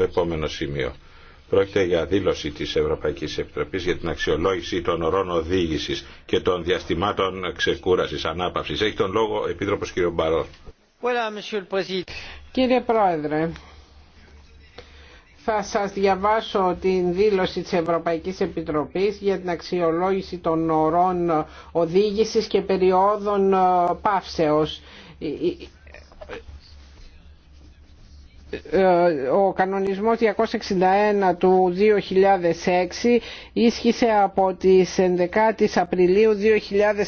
το επόμενο σημείο. Πρόκειται για δήλωση της Ευρωπαϊκής Επιτροπής για την αξιολόγηση των ορών οδήγησης και των διαστημάτων ξεκούρασης, ανάπαυσης. Έχει τον λόγο ο Επίτροπος κ. Μπαρό. Κύριε Πρόεδρε, θα σας διαβάσω την δήλωση της Ευρωπαϊκής Επιτροπής για την αξιολόγηση των ορών οδήγησης και περιόδων ε, παύσεως ε, ο κανονισμός 261 του 2006 ίσχυσε από τις 11 Απριλίου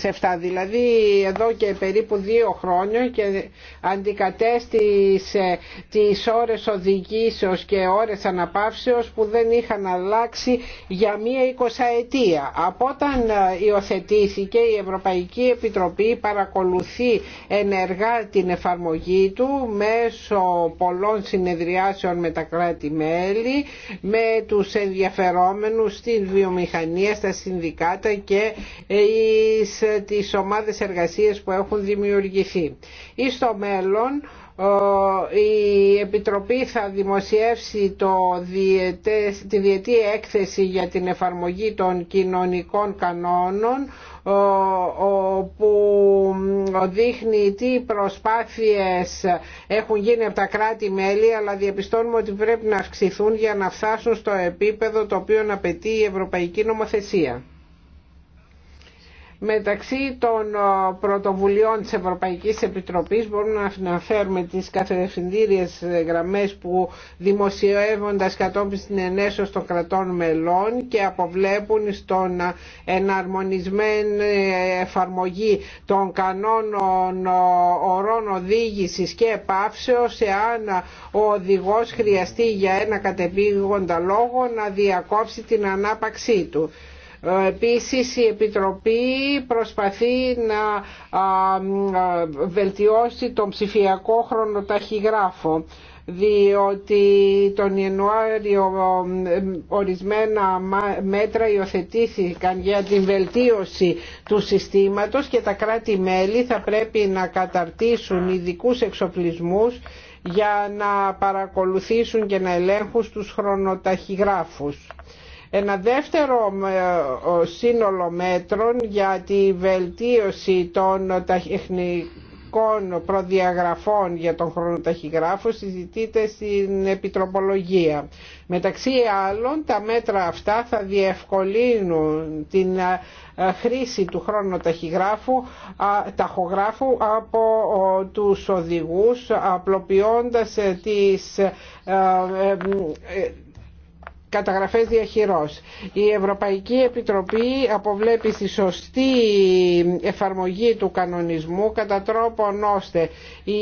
2007 δηλαδή εδώ και περίπου δύο χρόνια και αντικατέστησε τις ώρες οδηγήσεως και ώρες αναπαύσεως που δεν είχαν αλλάξει για μία εικοσαετία. Από όταν υιοθετήθηκε η Ευρωπαϊκή Επιτροπή παρακολουθεί ενεργά την εφαρμογή του μέσω πολλών συνεδριάσεων με τα κράτη-μέλη, με τους ενδιαφερόμενους στην βιομηχανία, στα συνδικάτα και τις ομάδες εργασίας που έχουν δημιουργηθεί. Ή στο μέλλον η Επιτροπή θα δημοσιεύσει το τη διετή έκθεση για την εφαρμογή των κοινωνικών κανόνων που δείχνει τι προσπάθειες έχουν γίνει από τα κράτη-μέλη αλλά διαπιστώνουμε ότι πρέπει να αυξηθούν για να φτάσουν στο επίπεδο το οποίο απαιτεί η Ευρωπαϊκή Νομοθεσία. Μεταξύ των ε, πρωτοβουλειών της Ευρωπαϊκής Επιτροπής μπορούμε να αναφέρουμε τις καθευθυντήριες ε, γραμμές που δημοσιεύοντας κατόπιν στην ενέσω των κρατών μελών και αποβλέπουν στον ε, εναρμονισμένη εφαρμογή των κανόνων ορών οδήγησης και επαύσεως εάν ο οδηγός χρειαστεί για ένα κατεπήγοντα λόγο να διακόψει την ανάπαξή του. Ε, επίσης η Επιτροπή προσπαθεί να βελτιώσει τον ψηφιακό χρονοταχυγράφο διότι τον Ιανουάριο ε, ορισμένα μέτρα υιοθετήθηκαν για την βελτίωση του συστήματος και τα κράτη-μέλη θα πρέπει να καταρτήσουν ειδικούς εξοπλισμούς για να παρακολουθήσουν και να ελέγχουν τους χρονοταχυγράφους. Ένα δεύτερο ε, σύνολο μέτρων για τη βελτίωση των τεχνικών προδιαγραφών για τον χρονοταχυγράφο συζητείται στην επιτροπολογία. Μεταξύ άλλων τα μέτρα αυτά θα διευκολύνουν την ε, ε, χρήση του χρονοταχυγράφου ταχογράφου από τους οδηγούς απλοποιώντας τις καταγραφές διαχειρός. Η Ευρωπαϊκή Επιτροπή αποβλέπει στη σωστή εφαρμογή του κανονισμού κατά τρόπον ώστε η,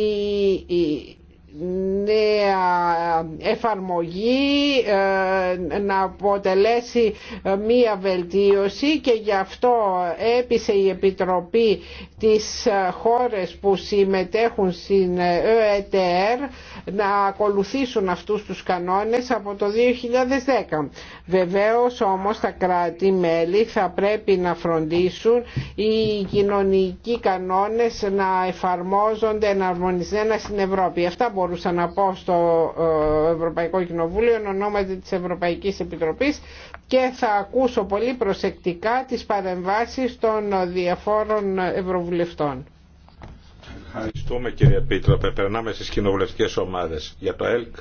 νέα εφαρμογή ε, να αποτελέσει ε, μία βελτίωση και γι' αυτό έπεισε η Επιτροπή της ε, χώρες που συμμετέχουν στην ΕΕΤΕΡ να ακολουθήσουν αυτούς τους κανόνες από το 2010. Βεβαίως όμως τα κράτη-μέλη θα πρέπει να φροντίσουν οι κοινωνικοί κανόνες να εφαρμόζονται εναρμονισμένα στην Ευρώπη. Αυτά μπορούσα να πω στο ε, Ευρωπαϊκό Κοινοβούλιο εν ονόματι της Ευρωπαϊκής Επιτροπής και θα ακούσω πολύ προσεκτικά τις παρεμβάσεις των διαφόρων Ευρωβουλευτών. Ευχαριστούμε κύριε Επίτροπε. Περνάμε στις κοινοβουλευτικές ομάδες. Για το ΕΛΚ,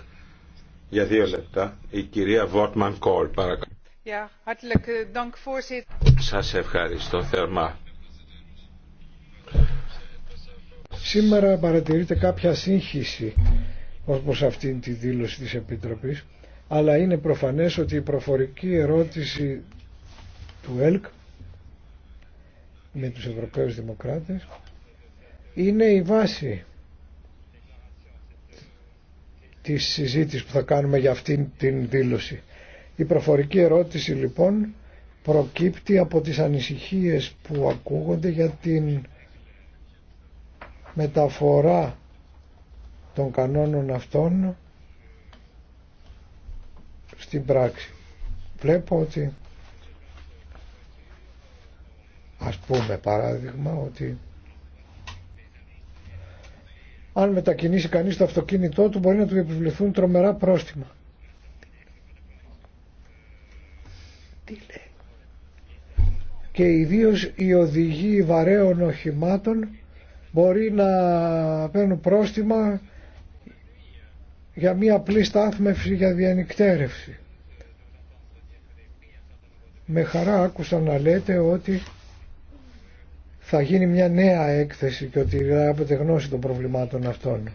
για δύο λεπτά, η κυρία Βόρτμαν Κόλ, παρακαλώ. Yeah, eh, Σας ευχαριστώ θερμά Σήμερα παρατηρείται κάποια σύγχυση ως προς αυτήν τη δήλωση της Επιτροπής, αλλά είναι προφανές ότι η προφορική ερώτηση του ΕΛΚ με τους Ευρωπαίους Δημοκράτες είναι η βάση της συζήτησης που θα κάνουμε για αυτήν την δήλωση. Η προφορική ερώτηση λοιπόν προκύπτει από τις ανησυχίες που ακούγονται για την μεταφορά των κανόνων αυτών στην πράξη. Βλέπω ότι ας πούμε παράδειγμα ότι αν μετακινήσει κανείς το αυτοκίνητό του μπορεί να του επιβληθούν τρομερά πρόστιμα. Τι λέει. Και ιδίως η οδηγοί βαρέων οχημάτων μπορεί να παίρνουν πρόστιμα για μία απλή στάθμευση για διανυκτέρευση. Με χαρά άκουσα να λέτε ότι θα γίνει μια νέα έκθεση και ότι θα έχετε γνώση των προβλημάτων αυτών.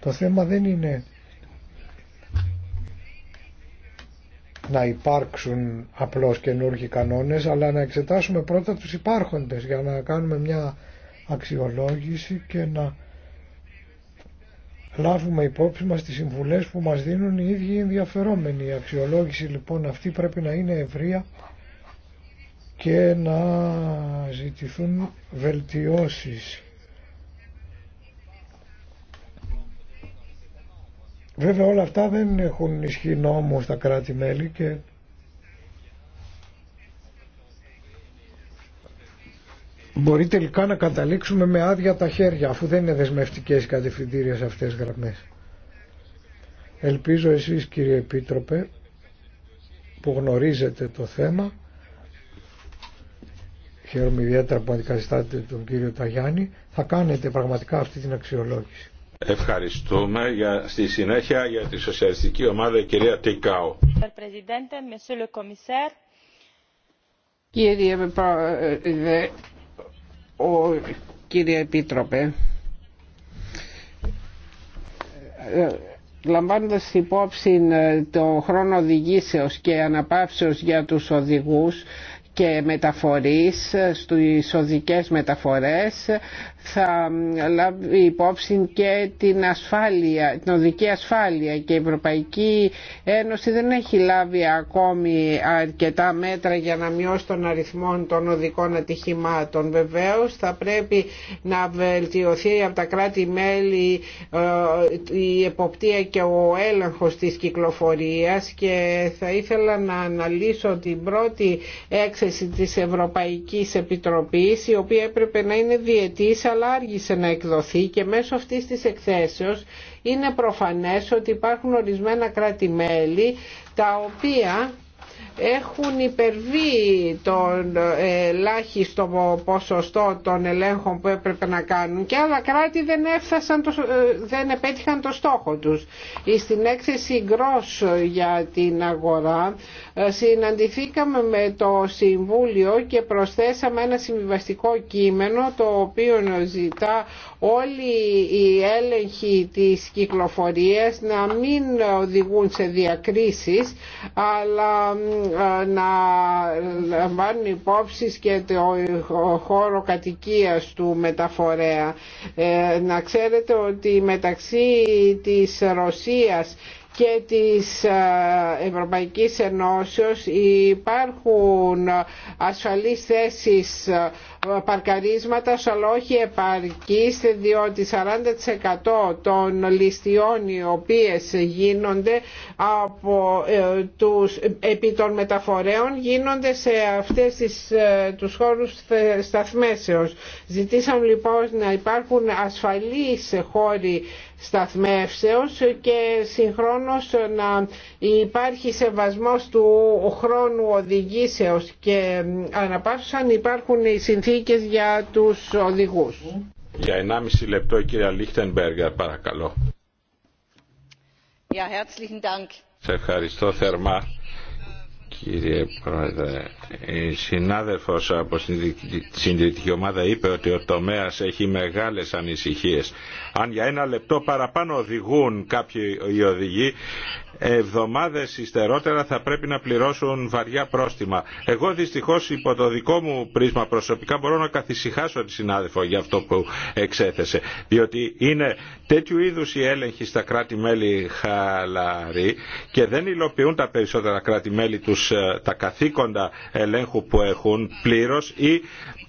Το θέμα δεν είναι να υπάρξουν απλώς καινούργιοι κανόνες, αλλά να εξετάσουμε πρώτα τους υπάρχοντες για να κάνουμε μια αξιολόγηση και να λάβουμε υπόψη μας τις συμβουλές που μας δίνουν οι ίδιοι ενδιαφερόμενοι. Η αξιολόγηση λοιπόν αυτή πρέπει να είναι ευρεία και να ζητηθούν βελτιώσεις. Βέβαια όλα αυτά δεν έχουν ισχύ νόμου στα κράτη-μέλη και μπορεί τελικά να καταλήξουμε με άδεια τα χέρια αφού δεν είναι δεσμευτικές οι κατευθυντήριες αυτές γραμμές. Ελπίζω εσείς κύριε Επίτροπε που γνωρίζετε το θέμα χαίρομαι ιδιαίτερα που αντικαθιστάτε τον κύριο Ταγιάννη θα κάνετε πραγματικά αυτή την αξιολόγηση. Ευχαριστούμε για, στη συνέχεια για τη Σοσιαλιστική Ομάδα κυρία Τικάου. Κύριε Πρόεδρε, ε, ο, κύριε Επίτροπε λαμβάνοντας υπόψη ε, το χρόνο οδηγήσεως και αναπαύσεως για τους οδηγούς και μεταφορείς, στις οδικές μεταφορές θα λάβει υπόψη και την ασφάλεια, την οδική ασφάλεια και η Ευρωπαϊκή Ένωση δεν έχει λάβει ακόμη αρκετά μέτρα για να μειώσει τον αριθμό των οδικών ατυχημάτων. Βεβαίως θα πρέπει να βελτιωθεί από τα κράτη-μέλη ε, η εποπτεία και ο έλεγχος της κυκλοφορίας και θα ήθελα να αναλύσω την πρώτη έξερση Τη της Ευρωπαϊκής Επιτροπής η οποία έπρεπε να είναι διετής αλλά άργησε να εκδοθεί και μέσω αυτής της εκθέσεως είναι προφανές ότι υπάρχουν ορισμένα κράτη-μέλη τα οποία έχουν υπερβεί τον ελάχιστο ποσοστό των ελέγχων που έπρεπε να κάνουν και άλλα κράτη δεν, έφτασαν το, ε, δεν επέτυχαν το στόχο τους. Στην έκθεση Gross για την αγορά ε, συναντηθήκαμε με το Συμβούλιο και προσθέσαμε ένα συμβιβαστικό κείμενο το οποίο ζητά όλοι οι έλεγχοι της κυκλοφορίας να μην οδηγούν σε διακρίσεις αλλά ε, να λαμβάνουν υπόψη και το χώρο κατοικίας του μεταφορέα. Ε, να ξέρετε ότι μεταξύ της Ρωσίας και της ε, Ευρωπαϊκής Ενώσεως υπάρχουν ασφαλείς θέσεις ε, παρκαρίσματα αλλά όχι επαρκείς διότι 40% των ληστιών οι οποίες γίνονται από, ε, τους, επί των μεταφορέων γίνονται σε αυτές τις, τους χώρους σταθμέσεως. Ζητήσαμε λοιπόν να υπάρχουν ασφαλείς χώροι σταθμεύσεως και συγχρόνως να υπάρχει σεβασμός του χρόνου οδηγήσεως και αν υπάρχουν οι συνθήκες για τους οδηγούς. Για 1,5 λεπτό κυρία Λίχτενμπέργκερ παρακαλώ. herzlichen Dank. Σε ευχαριστώ θερμά Κύριε Πρόεδρε, η συνάδελφος από τη συντηρητική ομάδα είπε ότι ο τομέας έχει μεγάλες ανησυχίες. Αν για ένα λεπτό παραπάνω οδηγούν κάποιοι οι οδηγοί, εβδομάδες υστερότερα θα πρέπει να πληρώσουν βαριά πρόστιμα. Εγώ δυστυχώς υπό το δικό μου πρίσμα προσωπικά μπορώ να καθησυχάσω τη συνάδελφο για αυτό που εξέθεσε. Διότι είναι τέτοιου είδους οι έλεγχοι στα κράτη-μέλη χαλαροί και δεν υλοποιούν τα περισσότερα κράτη-μέλη τους ε, τα καθήκοντα ελέγχου που έχουν πλήρως ή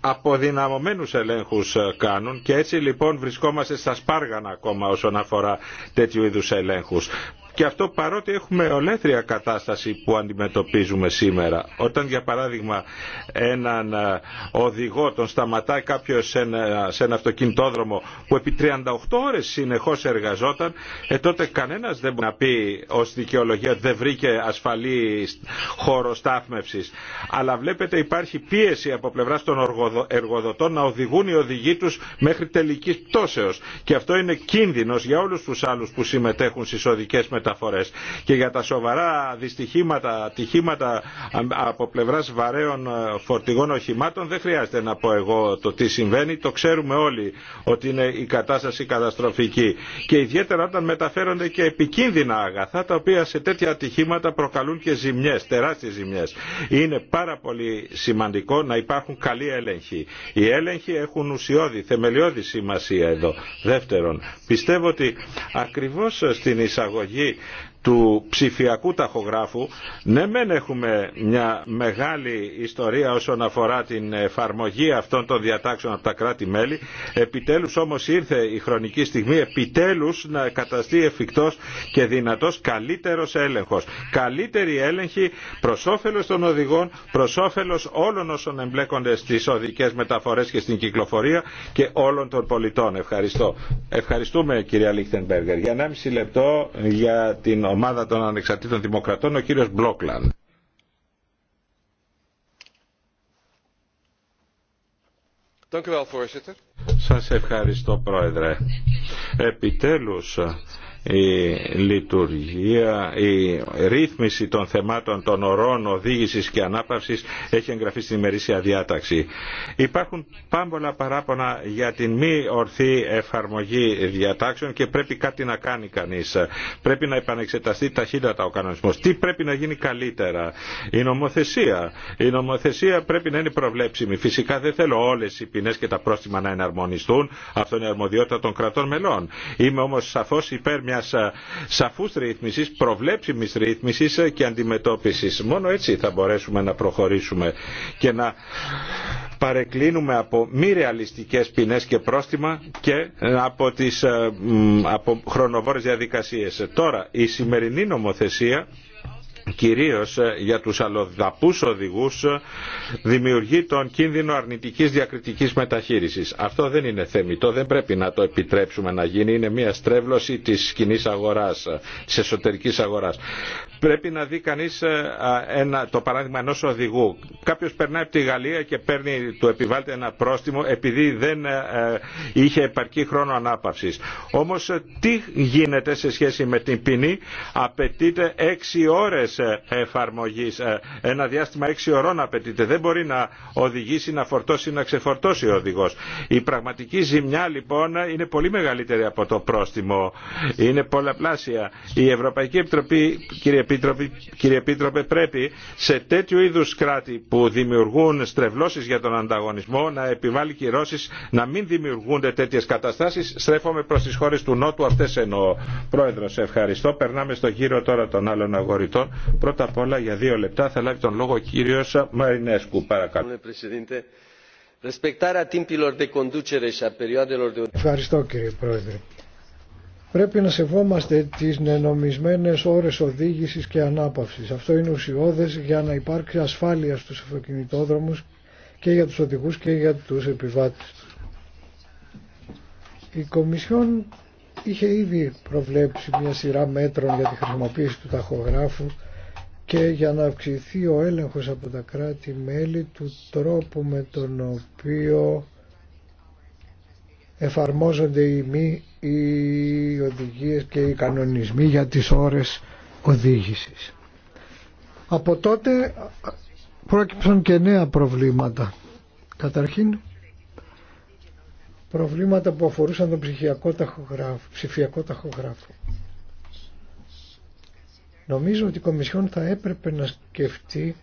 αποδυναμωμένους ελέγχους ε, κάνουν και έτσι λοιπόν βρισκόμαστε στα σπάργανα ακόμα όσον αφορά τέτοιου είδους ελέγχους. Και αυτό παρότι έχουμε ολέθρια κατάσταση που αντιμετωπίζουμε σήμερα. Όταν για παράδειγμα έναν ε, οδηγό τον σταματάει κάποιος σε ένα, σε ένα αυτοκινητόδρομο που επί 38 ώρες συνεχώς εργαζόταν, ε, τότε κανένας δεν μπορεί να πει ως δικαιολογία ότι δεν βρήκε ασφαλή χώρο στάθμευσης. Αλλά βλέπετε υπάρχει πίεση από πλευράς των εργοδοτών να οδηγούν οι οδηγοί τους μέχρι τελικής πτώσεως. Και αυτό είναι κίνδυνος για όλους τους άλλους που συμμετέχουν στι οδικέ μεταφορέ μεταφορές. Και για τα σοβαρά δυστυχήματα, ατυχήματα από πλευράς βαρέων ε, φορτηγών οχημάτων δεν χρειάζεται να πω εγώ το τι συμβαίνει, το ξέρουμε όλοι ότι είναι η κατάσταση καταστροφική. Και ιδιαίτερα όταν μεταφέρονται και επικίνδυνα αγαθά τα οποία σε τέτοια ατυχήματα προκαλούν και ζημιές, τεράστιες ζημιές. Είναι πάρα πολύ σημαντικό να υπάρχουν καλοί έλεγχοι. Οι έλεγχοι έχουν ουσιώδη, θεμελιώδη σημασία εδώ. Δεύτερον, πιστεύω ότι ακριβώς στην εισαγωγή Υπότιτλοι AUTHORWAVE του ψηφιακού ταχογράφου, ναι μεν έχουμε μια μεγάλη ιστορία όσον αφορά την εφαρμογή αυτών των διατάξεων από τα κράτη-μέλη, επιτέλους όμως ήρθε η χρονική στιγμή, επιτέλους να καταστεί εφικτός και δυνατός καλύτερος έλεγχος. Καλύτερη έλεγχη προς όφελος των οδηγών, προς όφελος όλων όσων εμπλέκονται στις οδικές μεταφορές και στην κυκλοφορία και όλων των πολιτών. Ευχαριστώ. Ευχαριστούμε κυρία Λίχτενμπεργκερ. Για 1,5 λεπτό για την ομάδα των ανεξαρτήτων δημοκρατών, ο κύριος Μπλόκλαν. Σας ευχαριστώ πρόεδρε. Επιτέλους η λειτουργία, η ρύθμιση των θεμάτων των ορών οδήγησης και ανάπαυσης έχει εγγραφεί στην ημερήσια διάταξη. Υπάρχουν πάμπολα παράπονα για την μη ορθή εφαρμογή διατάξεων και πρέπει κάτι να κάνει κανείς. Πρέπει να επανεξεταστεί ταχύτατα ο κανονισμός. Τι πρέπει να γίνει καλύτερα. Η νομοθεσία. Η νομοθεσία πρέπει να είναι προβλέψιμη. Φυσικά δεν θέλω όλες οι ποινές και τα πρόστιμα να εναρμονιστούν. Αυτό είναι αρμοδιότητα των κρατών μελών. Είμαι υπέρ μιας ε, σαφούς ρύθμισης, προβλέψιμης ρύθμισης ε, και αντιμετώπισης. Μόνο έτσι θα μπορέσουμε να προχωρήσουμε και να παρεκκλίνουμε από μη ρεαλιστικές ποινές και πρόστιμα και από τις ε, από χρονοβόρες διαδικασίες. Τώρα, η σημερινή νομοθεσία κυρίως ε, για τους αλλοδαπούς οδηγούς ε, δημιουργεί τον κίνδυνο αρνητικής διακριτικής μεταχείρισης. Αυτό δεν είναι θεμητό, δεν πρέπει να το επιτρέψουμε να γίνει. Είναι μια στρέβλωση της κοινής αγοράς, ε, της εσωτερικής αγοράς πρέπει να δει κανεί ε, το παράδειγμα ενό οδηγού. Κάποιο περνάει από τη Γαλλία και παίρνει, του επιβάλλεται ένα πρόστιμο επειδή δεν ε, ε, είχε επαρκή χρόνο ανάπαυση. Όμω, τι γίνεται σε σχέση με την ποινή, απαιτείται έξι ώρε εφαρμογή, ένα διάστημα έξι ωρών απαιτείται. Δεν μπορεί να οδηγήσει, να φορτώσει, να ξεφορτώσει ο οδηγό. Η πραγματική ζημιά λοιπόν είναι πολύ μεγαλύτερη από το πρόστιμο. Είναι πολλαπλάσια. Η Ευρωπαϊκή Επιτροπή, κύριε κύριε Επίτροπε, πρέπει σε τέτοιου είδους κράτη που δημιουργούν στρεβλώσεις για τον ανταγωνισμό να επιβάλλει κυρώσεις να μην δημιουργούνται τέτοιες καταστάσεις. Στρέφομαι προς τις χώρες του Νότου, αυτές εννοώ. Πρόεδρος, ευχαριστώ. Περνάμε στο γύρο τώρα των άλλων αγοριτών Πρώτα απ' όλα για δύο λεπτά θα λάβει τον λόγο ο κύριος Μαρινέσκου. Παρακαλώ. Ευχαριστώ κύριε Πρόεδρε Πρέπει να σεβόμαστε τις νενομισμένες ώρες οδήγησης και ανάπαυσης. Αυτό είναι ουσιώδες για να υπάρξει ασφάλεια στους αυτοκινητόδρομους και για τους οδηγούς και για τους επιβάτες Η Κομισιόν είχε ήδη προβλέψει μια σειρά μέτρων για τη χρησιμοποίηση του ταχογράφου και για να αυξηθεί ο έλεγχος από τα κράτη-μέλη του τρόπου με τον οποίο εφαρμόζονται οι μη οι οδηγίες και οι κανονισμοί για τις ώρες οδήγησης. Από τότε πρόκυψαν και νέα προβλήματα. Καταρχήν προβλήματα που αφορούσαν τον ψηφιακό ταχογράφο. Ψηφιακό ταχογράφο. Νομίζω ότι η Κομισιόν θα έπρεπε να σκεφτεί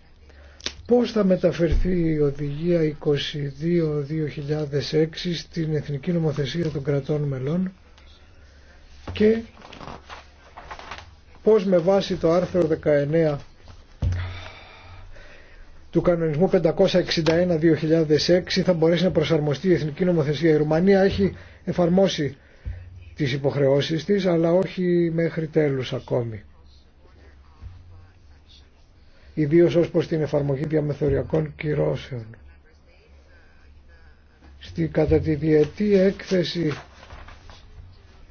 Πώς θα μεταφερθεί η οδηγία 22-2006 στην Εθνική Νομοθεσία των Κρατών Μελών και πώς με βάση το άρθρο 19 του κανονισμού 561-2006 θα μπορέσει να προσαρμοστεί η Εθνική Νομοθεσία. Η Ρουμανία έχει εφαρμόσει τις υποχρεώσεις της αλλά όχι μέχρι τέλους ακόμη ιδίως ως προς την εφαρμογή διαμεθοριακών κυρώσεων. Στη, κατά τη διετή έκθεση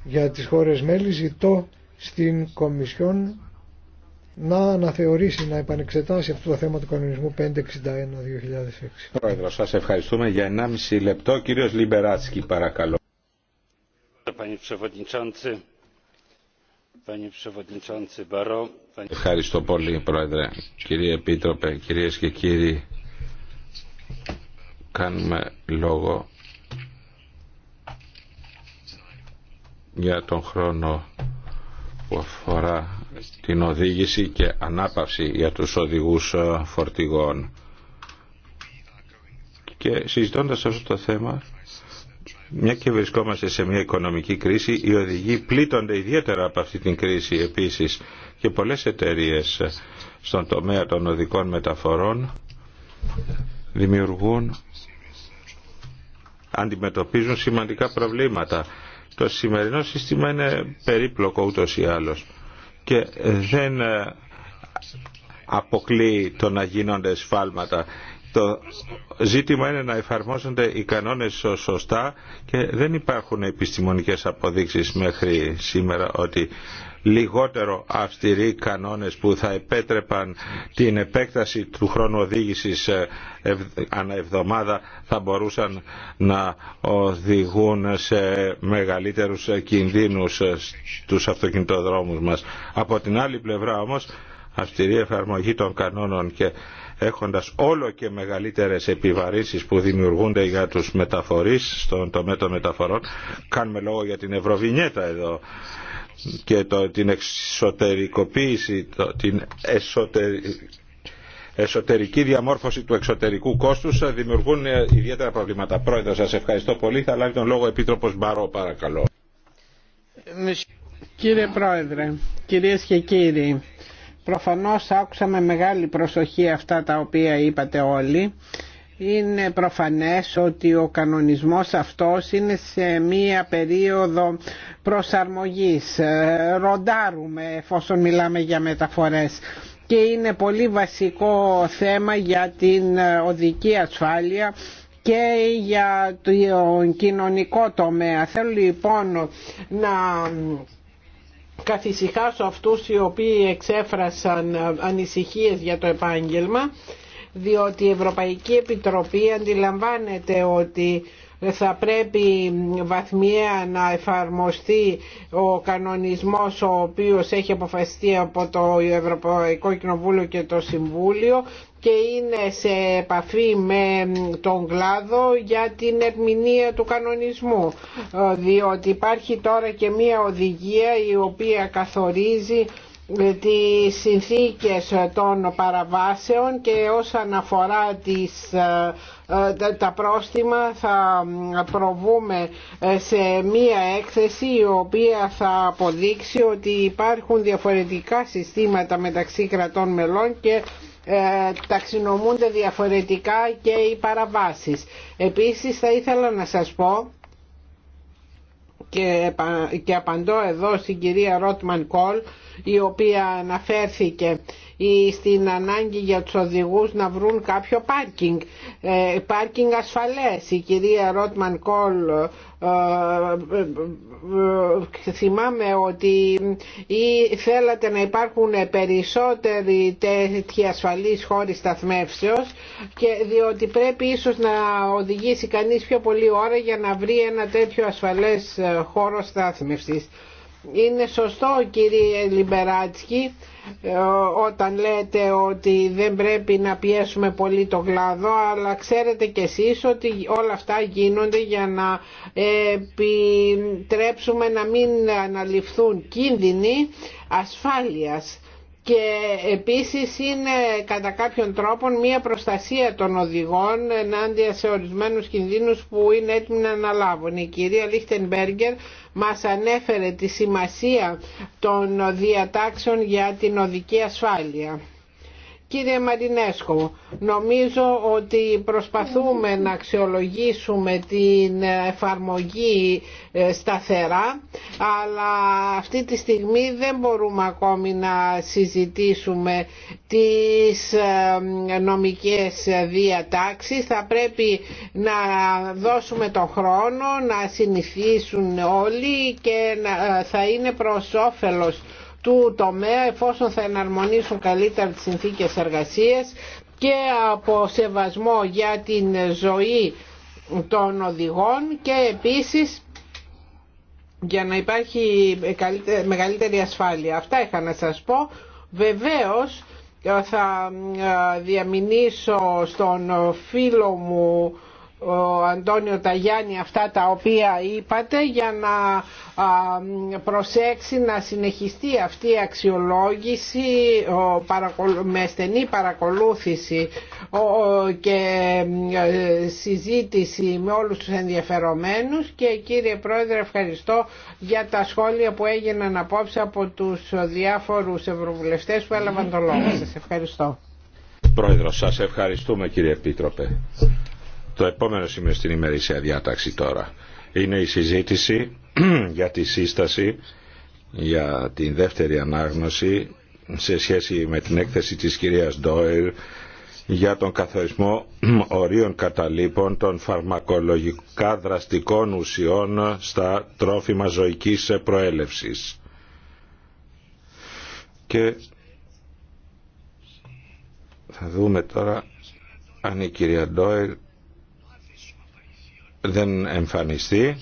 για τις χώρες μέλη ζητώ στην Κομισιόν να αναθεωρήσει, να επανεξετάσει αυτό το θέμα του κανονισμού 561-2006. Πρόεδρο, σας ευχαριστούμε για 1,5 λεπτό. Κύριος Λιμπεράτσκι, παρακαλώ. Panie Przewodniczący, Ευχαριστώ πολύ, Πρόεδρε. Κύριε Επίτροπε, κυρίες και κύριοι, κάνουμε λόγο για τον χρόνο που αφορά την οδήγηση και ανάπαυση για τους οδηγούς ε, φορτηγών. Και συζητώντας αυτό το θέμα, μια και βρισκόμαστε σε μια οικονομική κρίση, οι οδηγοί πλήττονται ιδιαίτερα από αυτή την κρίση επίσης και πολλές εταιρείε στον τομέα των οδικών μεταφορών δημιουργούν, αντιμετωπίζουν σημαντικά προβλήματα. Το σημερινό σύστημα είναι περίπλοκο ούτως ή άλλως και δεν αποκλείει το να γίνονται σφάλματα το ζήτημα είναι να εφαρμόζονται οι κανόνες σωστά και δεν υπάρχουν επιστημονικές αποδείξεις μέχρι σήμερα ότι λιγότερο αυστηροί κανόνες που θα επέτρεπαν την επέκταση του χρόνου οδήγησης ε, ανά εβδομάδα θα μπορούσαν να οδηγούν σε μεγαλύτερους κινδύνους ε, στους αυτοκινητοδρόμους μας. Από την άλλη πλευρά όμως αυστηρή εφαρμογή των κανόνων και έχοντας όλο και μεγαλύτερες επιβαρύνσεις που δημιουργούνται για τους μεταφορείς στον τομέα των μεταφορών. Κάνουμε λόγο για την Ευρωβινιέτα εδώ και το, την εξωτερικοποίηση, το, την εσωτερική διαμόρφωση του εξωτερικού κόστου ε, δημιουργούν ε, ιδιαίτερα προβλήματα. Πρόεδρε, σας ευχαριστώ πολύ. Θα λάβει τον λόγο ο Επίτροπο Μπαρό, παρακαλώ. Κύριε Πρόεδρε, κυρίε και κύριοι, Προφανώς άκουσα με μεγάλη προσοχή αυτά τα οποία είπατε όλοι. Είναι προφανές ότι ο κανονισμός αυτός είναι σε μία περίοδο προσαρμογής. Ε, ροντάρουμε εφόσον μιλάμε για μεταφορές και είναι πολύ βασικό θέμα για την οδική ασφάλεια και για τον κοινωνικό τομέα. Θέλω λοιπόν να καθησυχάσω αυτούς οι οποίοι εξέφρασαν ε, ανησυχίες για το επάγγελμα διότι η Ευρωπαϊκή Επιτροπή αντιλαμβάνεται ότι θα πρέπει βαθμιαία να εφαρμοστεί ο κανονισμός ο οποίος έχει αποφασιστεί από το Ευρωπαϊκό Κοινοβούλιο και το Συμβούλιο και είναι σε επαφή με τον κλάδο για την ερμηνεία του κανονισμού διότι υπάρχει τώρα και μία οδηγία η οποία καθορίζει τις συνθήκες των παραβάσεων και όσον αφορά τις ε, τα πρόστιμα θα προβούμε ε, σε μία έκθεση η οποία θα αποδείξει ότι υπάρχουν διαφορετικά συστήματα μεταξύ κρατών μελών και ε, ταξινομούνται διαφορετικά και οι παραβάσεις. Επίσης θα ήθελα να σας πω και απαντώ εδώ στην κυρία Ρότμαν Κόλ η οποία αναφέρθηκε ή στην ανάγκη για τους οδηγούς να βρουν κάποιο πάρκινγκ, ε, πάρκινγκ ασφαλές. Η κυρία Ρότμαν Κόλ ε, ε, θυμάμαι ότι ή θέλατε να υπάρχουν περισσότεροι τέτοιοι ασφαλείς χώροι σταθμεύσεως και διότι πρέπει ίσως να οδηγήσει κανείς πιο πολλή ώρα για να βρει ένα τέτοιο ασφαλές χώρο στάθμευσης. Είναι σωστό κύριε Λιμπεράτσκι ε, όταν λέτε ότι δεν πρέπει να πιέσουμε πολύ το κλάδο αλλά ξέρετε κι εσείς ότι όλα αυτά γίνονται για να επιτρέψουμε να μην αναλυφθούν κίνδυνοι ασφάλειας και επίσης είναι κατά κάποιον τρόπο μια προστασία των οδηγών ενάντια σε ορισμένους κινδύνους που είναι έτοιμοι να αναλάβουν. Η κυρία Λίχτενμπέργκερ μας ανέφερε τη σημασία των διατάξεων για την οδική ασφάλεια. Κύριε Μαρινέσκο, νομίζω ότι προσπαθούμε να αξιολογήσουμε την εφαρμογή ε, σταθερά, αλλά αυτή τη στιγμή δεν μπορούμε ακόμη να συζητήσουμε τις ε, νομικές διατάξεις. Θα πρέπει να δώσουμε τον χρόνο, να συνηθίσουν όλοι και ε, θα είναι προς όφελος του τομέα εφόσον θα εναρμονίσουν καλύτερα τις συνθήκες εργασίας και από σεβασμό για την ζωή των οδηγών και επίσης για να υπάρχει μεγαλύτερη ασφάλεια. Αυτά είχα να σας πω. Βεβαίως ε, θα ε, διαμηνήσω στον φίλο μου ο Αντώνιο Ταγιάννη αυτά τα οποία είπατε για να προσέξει να συνεχιστεί αυτή η αξιολόγηση με στενή παρακολούθηση και ε, συζήτηση με όλους τους ενδιαφερομένους και κύριε Πρόεδρε ευχαριστώ για τα σχόλια που έγιναν απόψε από τους διάφορους ευρωβουλευτές που έλαβαν το λόγο σας. Ευχαριστώ. Πρόεδρο, σας ευχαριστούμε κύριε Επίτροπε. Το επόμενο σημείο στην ημερήσια διάταξη τώρα είναι η συζήτηση για τη σύσταση για την δεύτερη ανάγνωση σε σχέση με την έκθεση της κυρίας Ντόιλ για τον καθορισμό ορίων καταλήπων των φαρμακολογικά δραστικών ουσιών στα τρόφιμα ζωικής προέλευσης. Και θα δούμε τώρα αν η κυρία Ντόιλ δεν εμφανιστεί,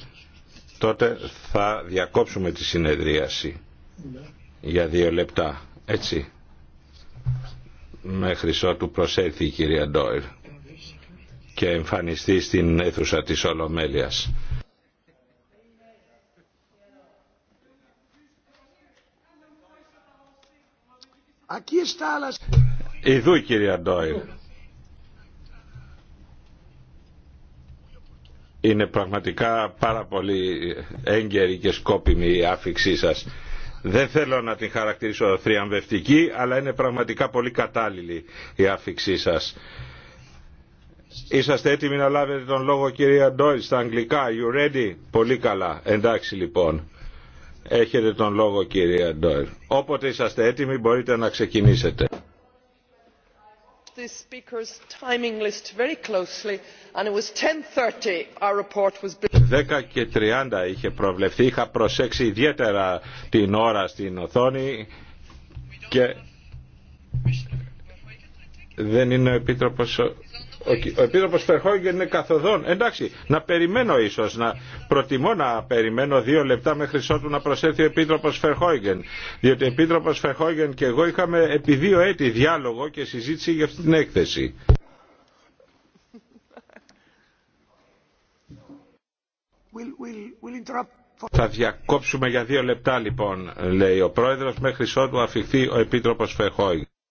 τότε θα διακόψουμε τη συνεδρίαση για δύο λεπτά. Έτσι. Μέχρι ότου προσέλθει η κυρία Ντόιλ και εμφανιστεί στην αίθουσα της Ολομέλειας. Ιδού κυρία Ντόιλ. Είναι πραγματικά πάρα πολύ έγκαιρη και σκόπιμη η άφηξή σας. Δεν θέλω να την χαρακτηρίσω θριαμβευτική, αλλά είναι πραγματικά πολύ κατάλληλη η άφηξή σας. Είσαστε έτοιμοι να λάβετε τον λόγο κυρία Ντόιλ στα αγγλικά. You ready? Πολύ καλά. Εντάξει λοιπόν. Έχετε τον λόγο κυρία Ντόιλ. Όποτε είσαστε έτοιμοι μπορείτε να ξεκινήσετε. 10:30 και είχε προβλεφθεί. Είχα προσέξει ιδιαίτερα την ώρα στην οθόνη και δεν είναι ο Επίτροπος ο Επίτροπο Φερχόγγεν είναι καθοδόν. Εντάξει, να περιμένω ίσως, να προτιμώ να περιμένω δύο λεπτά μέχρι ότου να προσέλθει ο Επίτροπος Φερχόγγεν. Διότι ο Επίτροπος Φερχόγγεν και εγώ είχαμε επί δύο έτη διάλογο και συζήτηση για αυτή την έκθεση. Θα διακόψουμε για δύο λεπτά λοιπόν, λέει ο Πρόεδρος, μέχρι ότου αφηχθεί ο Επίτροπος Φερχόγγεν.